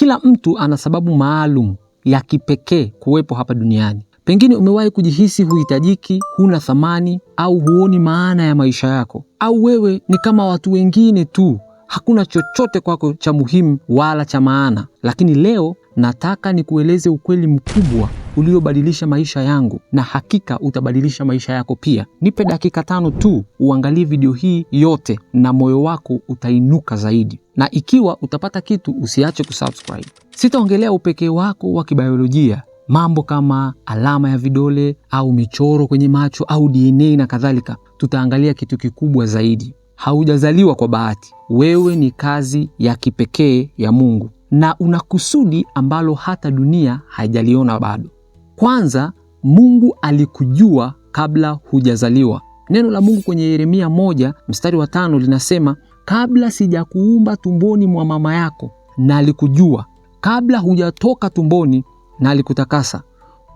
Kila mtu ana sababu maalum ya kipekee kuwepo hapa duniani. Pengine umewahi kujihisi huhitajiki, huna thamani, au huoni maana ya maisha yako, au wewe ni kama watu wengine tu hakuna chochote kwako cha muhimu wala cha maana, lakini leo nataka nikueleze ukweli mkubwa uliobadilisha maisha yangu na hakika utabadilisha maisha yako pia. Nipe dakika tano tu uangalie video hii yote na moyo wako utainuka zaidi. Na ikiwa utapata kitu usiache kusubscribe. Sitaongelea upekee wako wa kibayolojia, mambo kama alama ya vidole au michoro kwenye macho au DNA na kadhalika. Tutaangalia kitu kikubwa zaidi haujazaliwa kwa bahati. Wewe ni kazi ya kipekee ya Mungu na una kusudi ambalo hata dunia haijaliona bado. Kwanza, Mungu alikujua kabla hujazaliwa. Neno la Mungu kwenye Yeremia moja mstari wa tano linasema, kabla sijakuumba tumboni mwa mama yako na alikujua, kabla hujatoka tumboni na alikutakasa.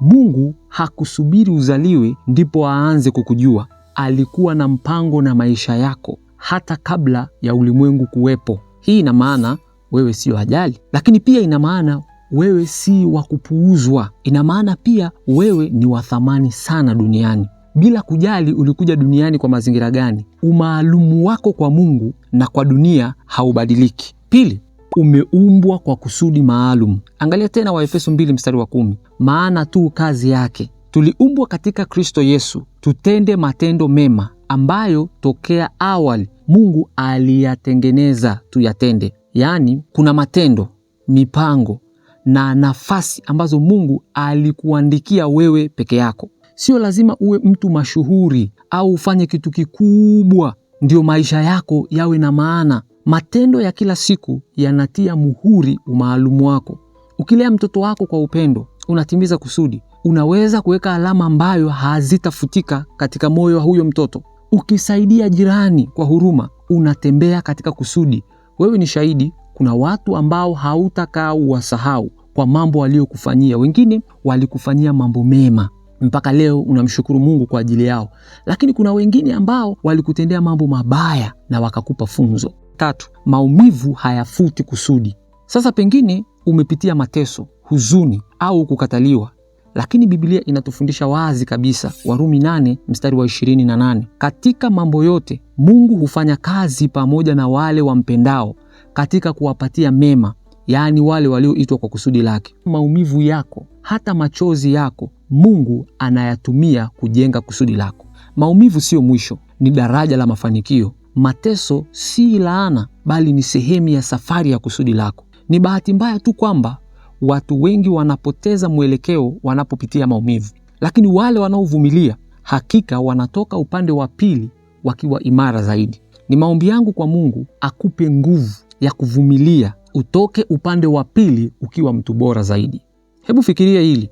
Mungu hakusubiri uzaliwe ndipo aanze kukujua. Alikuwa na mpango na maisha yako hata kabla ya ulimwengu kuwepo. Hii ina maana wewe sio ajali, lakini pia ina maana wewe si wa kupuuzwa. Ina maana pia wewe ni wa thamani sana duniani. Bila kujali ulikuja duniani kwa mazingira gani, umaalumu wako kwa Mungu na kwa dunia haubadiliki. Pili, umeumbwa kwa kusudi maalum. Angalia tena Waefeso 2 mstari wa kumi, maana tu kazi yake tuliumbwa katika Kristo Yesu tutende matendo mema ambayo tokea awali Mungu aliyatengeneza tuyatende. Yaani kuna matendo, mipango na nafasi ambazo Mungu alikuandikia wewe peke yako. Sio lazima uwe mtu mashuhuri au ufanye kitu kikubwa ndio maisha yako yawe na maana. Matendo ya kila siku yanatia muhuri umaalumu wako. Ukilea mtoto wako kwa upendo, unatimiza kusudi, unaweza kuweka alama ambayo hazitafutika katika moyo wa huyo mtoto. Ukisaidia jirani kwa huruma, unatembea katika kusudi. Wewe ni shahidi, kuna watu ambao hautakaa uwasahau kwa mambo waliokufanyia. Wengine walikufanyia mambo mema mpaka leo unamshukuru Mungu kwa ajili yao, lakini kuna wengine ambao walikutendea mambo mabaya na wakakupa funzo. Tatu, maumivu hayafuti kusudi. Sasa pengine umepitia mateso, huzuni au kukataliwa, lakini Biblia inatufundisha wazi kabisa, Warumi nane mstari wa ishirini na nane katika mambo yote Mungu hufanya kazi pamoja na wale wampendao katika kuwapatia mema, yaani wale walioitwa kwa kusudi lake. Maumivu yako hata machozi yako Mungu anayatumia kujenga kusudi lako. Maumivu siyo mwisho, ni daraja la mafanikio. Mateso si laana, bali ni sehemu ya safari ya kusudi lako. Ni bahati mbaya tu kwamba watu wengi wanapoteza mwelekeo wanapopitia maumivu, lakini wale wanaovumilia hakika wanatoka upande wa pili wakiwa imara zaidi. Ni maombi yangu kwa Mungu akupe nguvu ya kuvumilia, utoke upande wa pili ukiwa mtu bora zaidi. Hebu fikiria hili.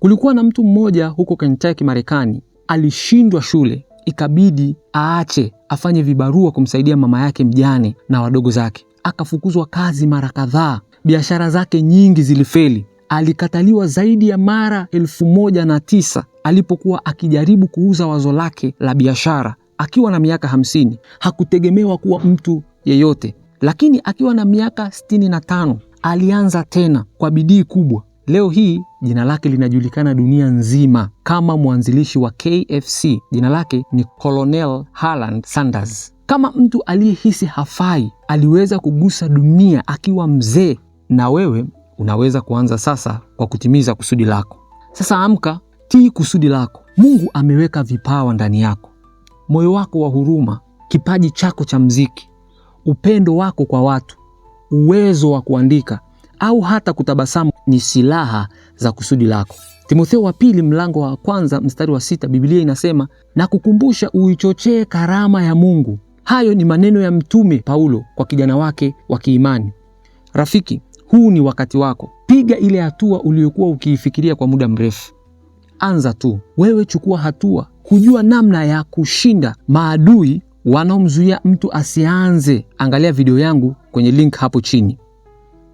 Kulikuwa na mtu mmoja huko Kentucky, Marekani, alishindwa shule, ikabidi aache afanye vibarua kumsaidia mama yake mjane na wadogo zake. Akafukuzwa kazi mara kadhaa, biashara zake nyingi zilifeli. Alikataliwa zaidi ya mara elfu moja na tisa alipokuwa akijaribu kuuza wazo lake la biashara akiwa na miaka hamsini. Hakutegemewa kuwa mtu yeyote, lakini akiwa na miaka sitini na tano alianza tena kwa bidii kubwa. Leo hii jina lake linajulikana dunia nzima kama mwanzilishi wa KFC. Jina lake ni Colonel Harland Sanders. Kama mtu aliyehisi hafai, aliweza kugusa dunia akiwa mzee na wewe unaweza kuanza sasa kwa kutimiza kusudi lako. Sasa amka, tii kusudi lako. Mungu ameweka vipawa ndani yako, moyo wako wa huruma, kipaji chako cha mziki, upendo wako kwa watu, uwezo wa kuandika au hata kutabasamu ni silaha za kusudi lako. Timotheo wa pili mlango wa kwanza mstari wa sita Biblia inasema na kukumbusha uichochee karama ya Mungu. Hayo ni maneno ya mtume Paulo kwa kijana wake wa kiimani. Rafiki, huu ni wakati wako. Piga ile hatua uliyokuwa ukiifikiria kwa muda mrefu. Anza tu wewe, chukua hatua. Kujua namna ya kushinda maadui wanaomzuia mtu asianze, angalia video yangu kwenye link hapo chini.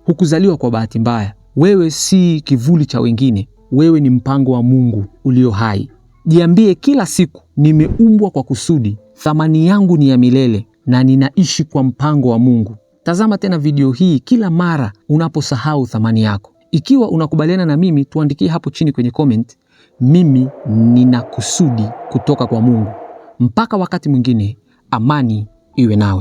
Hukuzaliwa kwa bahati mbaya. Wewe si kivuli cha wengine, wewe ni mpango wa Mungu ulio hai. Jiambie kila siku, nimeumbwa kwa kusudi, thamani yangu ni ya milele na ninaishi kwa mpango wa Mungu. Tazama tena video hii kila mara unaposahau thamani yako. Ikiwa unakubaliana na mimi, tuandikie hapo chini kwenye comment, mimi nina kusudi kutoka kwa Mungu. Mpaka wakati mwingine, amani iwe nawe.